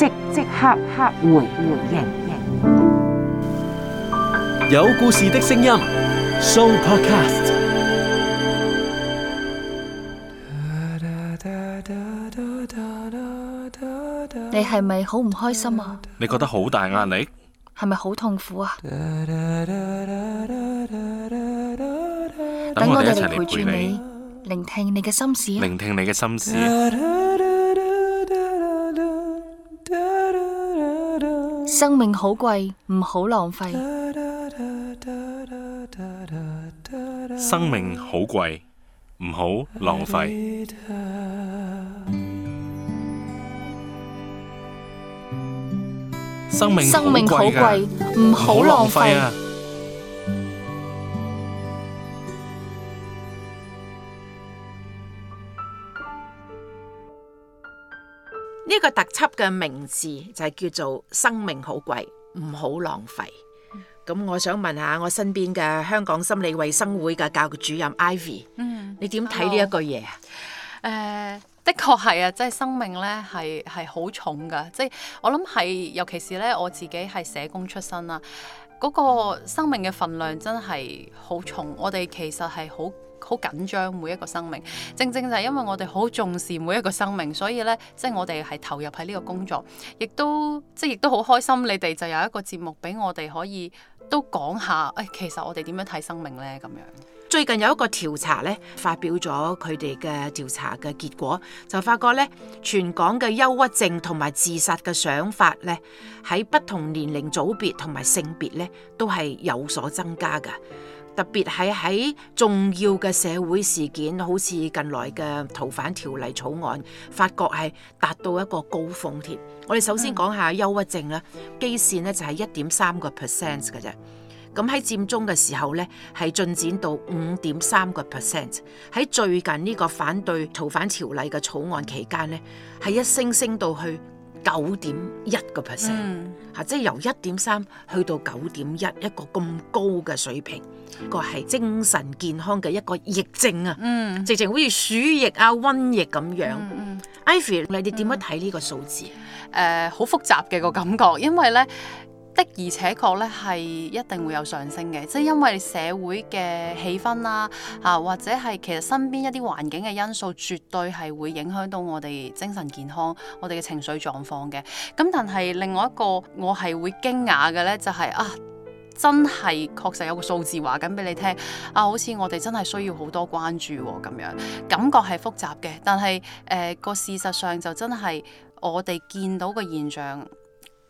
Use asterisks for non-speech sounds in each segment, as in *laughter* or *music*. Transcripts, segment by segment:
即即刻刻迴迴盈盈，有故事的聲音，Sooo Podcast。你係咪好唔開心啊？你覺得好大壓力？係咪好痛苦啊？等我哋一齊嚟陪住你，聆聽你嘅心事，聆聽你嘅心事。生命好貴，唔好浪費。生命好貴，唔好浪費。生命好貴，唔好浪費。呢個特輯嘅名字就係叫做生命好貴，唔好浪費。咁、嗯、我想問下我身邊嘅香港心理衛生會嘅教育主任 Ivy，嗯，你點睇呢一句嘢啊？誒、呃，的確係啊，即係生命咧係係好重噶，即係我諗係，尤其是咧我自己係社工出身啦。嗰個生命嘅份量真係好重，我哋其實係好好緊張每一個生命，正正就係因為我哋好重視每一個生命，所以呢，即係我哋係投入喺呢個工作，亦都即係亦都好開心。你哋就有一個節目俾我哋可以都講下，誒、哎，「其實我哋點樣睇生命呢？」咁樣。最近有一個調查咧，發表咗佢哋嘅調查嘅結果，就發覺咧，全港嘅憂鬱症同埋自殺嘅想法咧，喺不同年齡組別同埋性別咧，都係有所增加嘅。特別係喺重要嘅社會事件，好似近來嘅逃犯條例草案，發覺係達到一個高峰添。我哋首先講下憂鬱症啦，基線咧就係一點三個 percent 嘅啫。咁喺佔中嘅時候咧，係進展到五點三個 percent；喺最近呢個反對逃犯條例嘅草案期間咧，係一升升到去九點一個 percent，嚇，即係由一點三去到九點一，一個咁高嘅水平，嗯、個係精神健康嘅一個疫症啊，嗯、直情好似鼠疫啊、瘟疫咁樣。i v y 你哋點樣睇呢個數字？誒、嗯，好、呃、複雜嘅、那個感覺，因為咧，的而且確咧，係一定會有上升嘅，即係因為社會嘅氣氛啦、啊，啊或者係其實身邊一啲環境嘅因素，絕對係會影響到我哋精神健康、我哋嘅情緒狀況嘅。咁但係另外一個我係會驚訝嘅咧，就係、是、啊，真係確實有個數字話緊俾你聽，啊好似我哋真係需要好多關注喎、啊、咁樣，感覺係複雜嘅，但係誒個事實上就真係我哋見到嘅現象。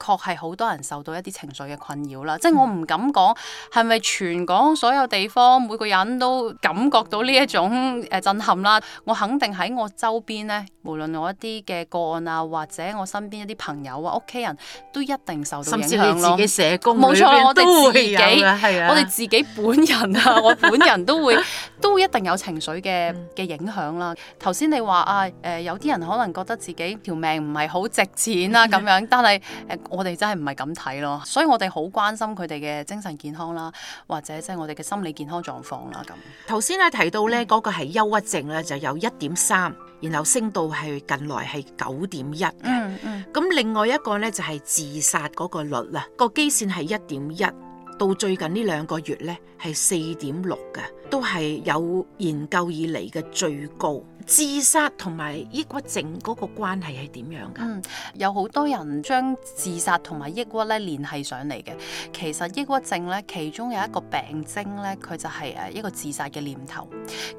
確係好多人受到一啲情緒嘅困擾啦，即係我唔敢講係咪全港所有地方每個人都感覺到呢一種誒震撼啦。我肯定喺我周邊咧，無論我一啲嘅個案啊，或者我身邊一啲朋友啊、屋企人都一定受到影響咯。甚至你自己社工，冇錯，我哋自己我哋自己本人啊， *laughs* 我本人都會都一定有情緒嘅嘅影響啦。頭先你話啊，誒、呃，有啲人可能覺得自己條命唔係好值錢啊咁樣，但係誒。我哋真係唔係咁睇咯，所以我哋好關心佢哋嘅精神健康啦，或者即係我哋嘅心理健康狀況啦咁。頭先咧提到咧嗰個係憂鬱症咧，就有一點三，然後升到係近來係九點一嘅。咁、嗯嗯、另外一個咧就係自殺嗰個率啦，個基線係一點一，到最近呢兩個月咧係四點六嘅，6，都係有研究以嚟嘅最高。自殺同埋抑鬱症嗰個關係係點樣噶、嗯？有好多人將自殺同埋抑鬱咧聯繫上嚟嘅。其實抑鬱症咧，其中有一個病徵咧，佢就係誒一個自殺嘅念頭。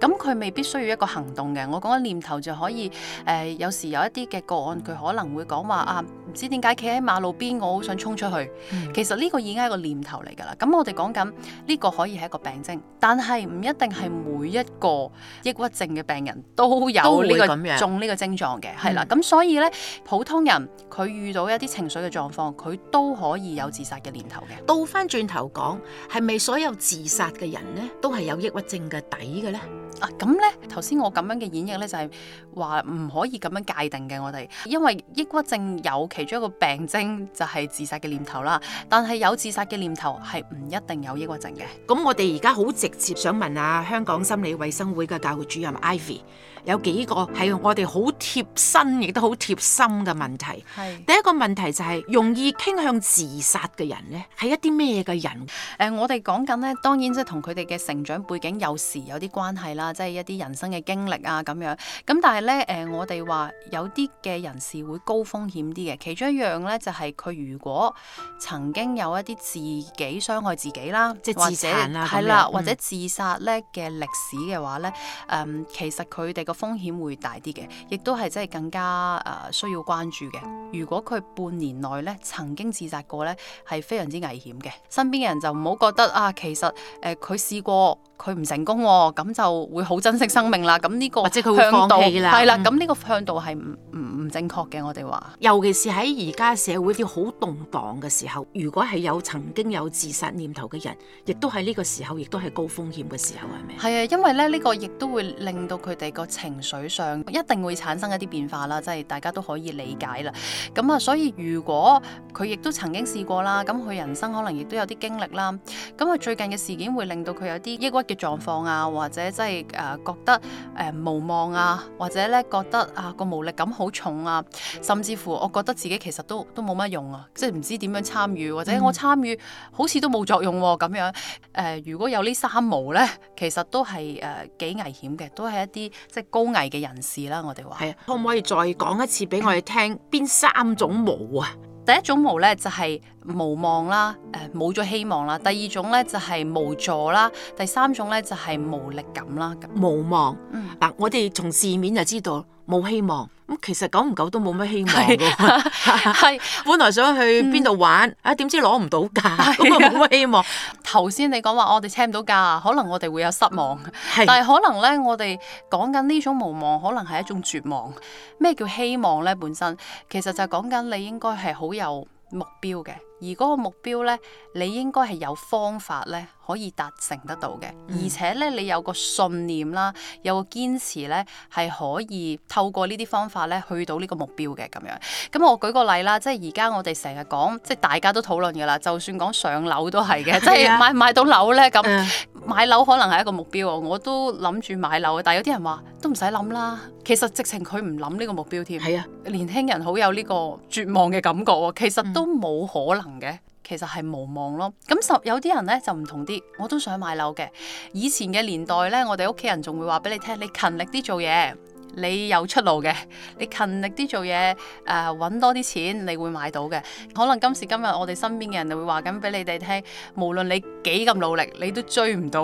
咁佢未必需要一個行動嘅。我講緊念頭就可以誒、呃，有時有一啲嘅個案，佢可能會講話啊，唔知點解企喺馬路邊，我好想衝出去。嗯、其實呢個已經係一個念頭嚟㗎啦。咁、嗯、我哋講緊呢個可以係一個病徵，但係唔一定係每一個抑鬱症嘅病人都。都有呢個咁樣中呢個症狀嘅，係啦、嗯，咁所以呢，普通人佢遇到一啲情緒嘅狀況，佢都可以有自殺嘅念頭嘅。倒翻轉頭講，係咪所有自殺嘅人呢都係有抑鬱症嘅底嘅呢？啊，咁呢，頭先我咁樣嘅演繹呢，就係話唔可以咁樣界定嘅。我哋因為抑鬱症有其中一個病徵就係自殺嘅念頭啦，但係有自殺嘅念頭係唔一定有抑鬱症嘅。咁我哋而家好直接想問下香港心理衛生會嘅教育主任 Ivy。有幾個係我哋好貼身，亦都好貼心嘅問題。是第一個問題就係、是、容易傾向自殺嘅人咧，係一啲咩嘅人？誒、呃，我哋講緊咧，當然即係同佢哋嘅成長背景、有時有啲關係啦，即、就、係、是、一啲人生嘅經歷啊咁樣咁但係咧，誒、呃，我哋話有啲嘅人士會高風險啲嘅，其中一樣咧就係、是、佢如果曾經有一啲自己傷害自己啦，即係自殘啊，係啦，或者自殺咧嘅歷史嘅話咧，誒、呃，其實佢哋風險會大啲嘅，亦都係即係更加呃需要關注嘅。如果佢半年內咧曾經自殺過咧，係非常之危險嘅。身邊嘅人就唔好覺得啊，其實呃佢試過。佢唔成功喎、哦，咁就會好珍惜生命啦。咁呢個或者佢會放棄啦，係啦。咁呢個向度係唔唔正確嘅。我哋話，尤其是喺而家社會啲好動盪嘅時候，如果係有曾經有自殺念頭嘅人，亦都係呢個時候，亦都係高風險嘅時候，係咪？係啊，因為咧呢、這個亦都會令到佢哋個情緒上一定會產生一啲變化啦，即、就、係、是、大家都可以理解啦。咁啊，所以如果佢亦都曾經試過啦，咁佢人生可能亦都有啲經歷啦。咁啊，最近嘅事件會令到佢有啲抑鬱嘅狀況啊，或者即係誒覺得誒、呃、無望啊，或者咧覺得啊個、呃、無力感好重啊，甚至乎我覺得自己其實都都冇乜用啊，即係唔知點樣參與，或者我參與好似都冇作用咁、啊、樣誒、呃。如果有三無呢，三無咧，其實都係誒、呃、幾危險嘅，都係一啲即係高危嘅人士啦、啊。我哋話係啊，可唔可以再講一次俾我哋聽邊三種無啊？第一種無咧就係無望啦，誒冇咗希望啦；第二種咧就係無助啦；第三種咧就係無力感啦。無望，嗱、嗯啊，我哋從字面就知道。冇希望，咁其實久唔久都冇乜希望係是 *laughs* 本來想去邊度玩，嗯、啊，點知攞唔到假，冇乜、啊、希望。頭先你講話我哋請唔到假，可能我哋會有失望，是但係可能咧我哋講緊呢種無望，可能係一種絕望。咩叫希望咧？本身其實就講緊你應該係好有目標嘅，而嗰個目標咧，你應該係有方法咧。可以達成得到嘅，而且咧你有個信念啦，有個堅持咧，係可以透過呢啲方法咧去到呢個目標嘅咁樣。咁我舉個例啦，即係而家我哋成日講，即係大家都討論噶啦，就算講上樓都係嘅，的即係買唔買到樓咧，咁的買樓可能係一個目標啊，我都諗住買樓啊，但係有啲人話都唔使諗啦。其實直情佢唔諗呢個目標添。係啊的，年輕人好有呢個絕望嘅感覺，其實都冇可能嘅。其實係無望咯，咁就有啲人咧就唔同啲，我都想買樓嘅。以前嘅年代咧，我哋屋企人仲會話俾你聽，你勤力啲做嘢，你有出路嘅。你勤力啲做嘢，誒、呃，搵多啲錢，你會買到嘅。可能今時今日我哋身邊嘅人就會話緊俾你哋聽，無論你幾咁努力，你都追唔到、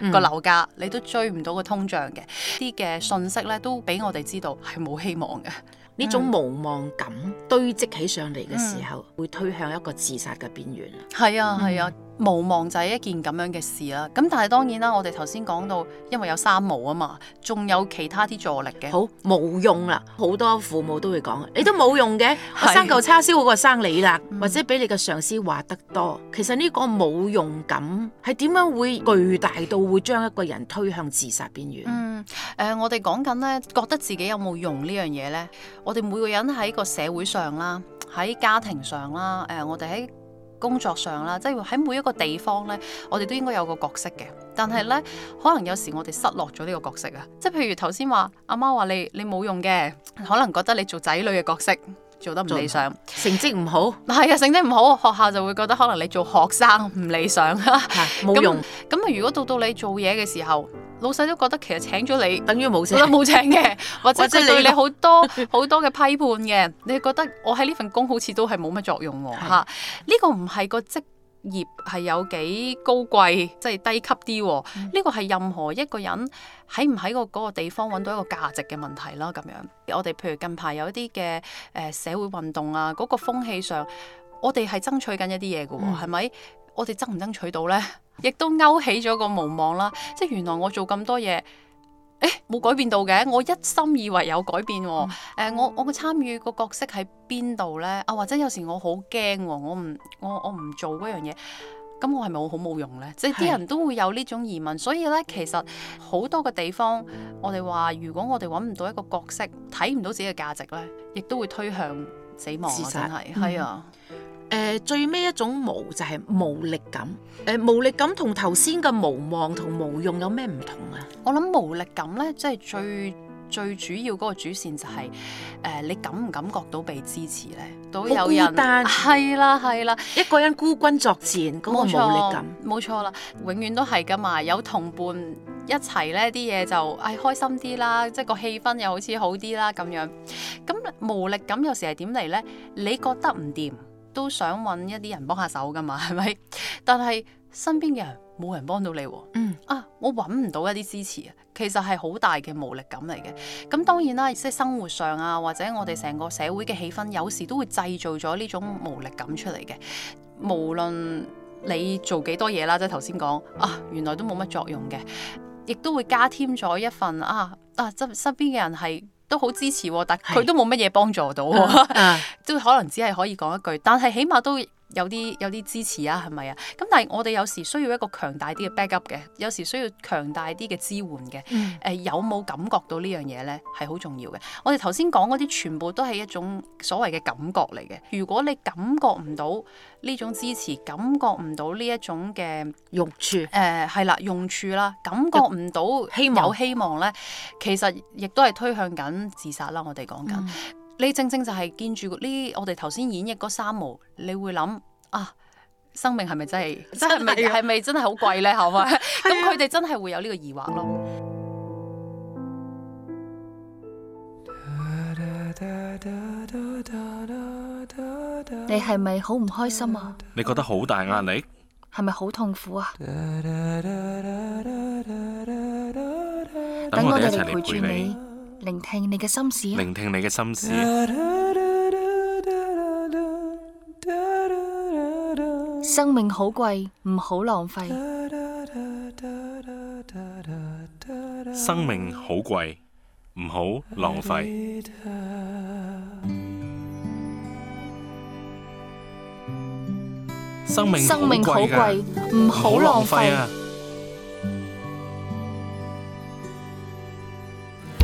嗯、 *laughs* 個樓價，你都追唔到個通脹嘅。啲嘅信息咧都俾我哋知道係冇希望嘅。呢種無望感、嗯、堆積起上嚟嘅時候，嗯、會推向一個自殺嘅邊緣啊！係、嗯、啊，係啊。無望就係一件咁樣嘅事啦，咁但係當然啦，我哋頭先講到，因為有三無啊嘛，仲有其他啲助力嘅，好冇用啦，好多父母都會講，嗯、你都冇用嘅，是我生嚿叉燒好過生你啦，嗯、或者俾你嘅上司話得多，其實呢個冇用感係點樣會巨大到會將一個人推向自殺邊緣？嗯，誒、呃，我哋講緊咧，覺得自己有冇用呢樣嘢咧？我哋每個人喺個社會上啦，喺家庭上啦，誒、呃，我哋喺。工作上啦，即係喺每一個地方咧，我哋都應該有個角色嘅。但係咧，可能有時我哋失落咗呢個角色啊，即係譬如頭先話，阿媽話你你冇用嘅，可能覺得你做仔女嘅角色。做得唔理想，成績唔好，係啊， *noise* 成績唔好，學校就會覺得可能你做學生唔理想冇 *laughs* 用。咁啊， *laughs* 如果到到你做嘢嘅時候，老細都覺得其實請咗你，等於冇請，覺得冇請嘅，或者，或者你對你好多好 *laughs* 多嘅批判嘅，你覺得我喺呢份工好似都係冇乜作用喎，呢的、啊這個唔係個職業係有幾高貴，即係低級啲喎。呢個係任何一個人喺唔喺個嗰個地方揾到一個價值嘅問題啦。咁樣，我哋譬如近排有一啲嘅誒社會運動啊，嗰、那個風氣上，我哋係爭取緊一啲嘢㗎喎，係咪、嗯？我哋爭唔爭取到呢？亦 *laughs* 都勾起咗個無望啦。即係原來我做咁多嘢。誒，冇改變到嘅，我一心以為有改變喎，啊。嗯，呃，我我嘅參與個角色喺邊度咧？啊，或者有時我好驚喎，我唔我我唔做嗰樣嘢，咁我係咪好冇用咧？即係啲人都會有呢種疑問，所以咧，其實好多個地方，我哋話如果我哋搵唔到一個角色，睇唔到自己嘅價值咧，亦都會推向死亡啊！自殺。真係，係啊。誒、呃，最尾一種無就係、是、無力感。誒、呃，無力感同頭先嘅無望同無用有咩唔同啊？我諗無力感咧，即係最最主要嗰個主線就係、是、誒、呃，你感唔感覺到被支持咧？都有人係啦係啦，啦啦啦一個人孤軍作戰咁啊，那個、無力感冇錯，錯啦，永遠都係噶嘛。有同伴一齊咧，啲嘢就誒、哎、開心啲啦，即係個氣氛又好似好啲啦咁樣。咁無力感有時係點嚟咧？你覺得唔掂？都想揾一啲人幫下手㗎嘛，係咪？但係身邊嘅人冇人幫到你，啊，嗯啊，我揾唔到一啲支持啊，其實係好大嘅無力感嚟嘅。咁當然啦，即係生活上啊，或者我哋成個社會嘅氣氛，有時都會製造咗呢種無力感出嚟嘅。無論你做幾多嘢啦，即係頭先講啊，原來都冇乜作用嘅，亦都會加添咗一份啊啊，即、啊、身邊嘅人係。都好支持喎，但佢都冇乜嘢幫助到喎， *laughs* 都可能只係可以講一句，但係起碼都。有啲有啲支持啊，係咪啊？咁但係我哋有時需要一個強大啲嘅 back up 嘅，有時需要強大啲嘅支援嘅。誒、嗯呃、有冇感覺到呢樣嘢咧係好重要嘅。我哋頭先講嗰啲全部都係一種所謂嘅感覺嚟嘅。如果你感覺唔到呢種支持，感覺唔到呢一種嘅用處，誒係、呃、啦，用處啦，感覺唔到用有希望咧，其實亦都係推向緊自殺啦。我哋講緊。嗯你正正就係見住呢，我哋頭先演繹嗰三無，你會諗啊，生命係咪真係 *laughs* 真係，係咪真係好貴咧？係咪？咁佢哋真係會有呢個疑惑咯。你係咪好唔開心啊？你覺得好大壓力？係咪好痛苦啊？等我哋嚟陪住你。聆聽你嘅心事，啊，聆聽你嘅心事，啊。生命好貴，唔好浪費。生命好貴，唔好浪費。生命生命好貴，唔好浪費啊！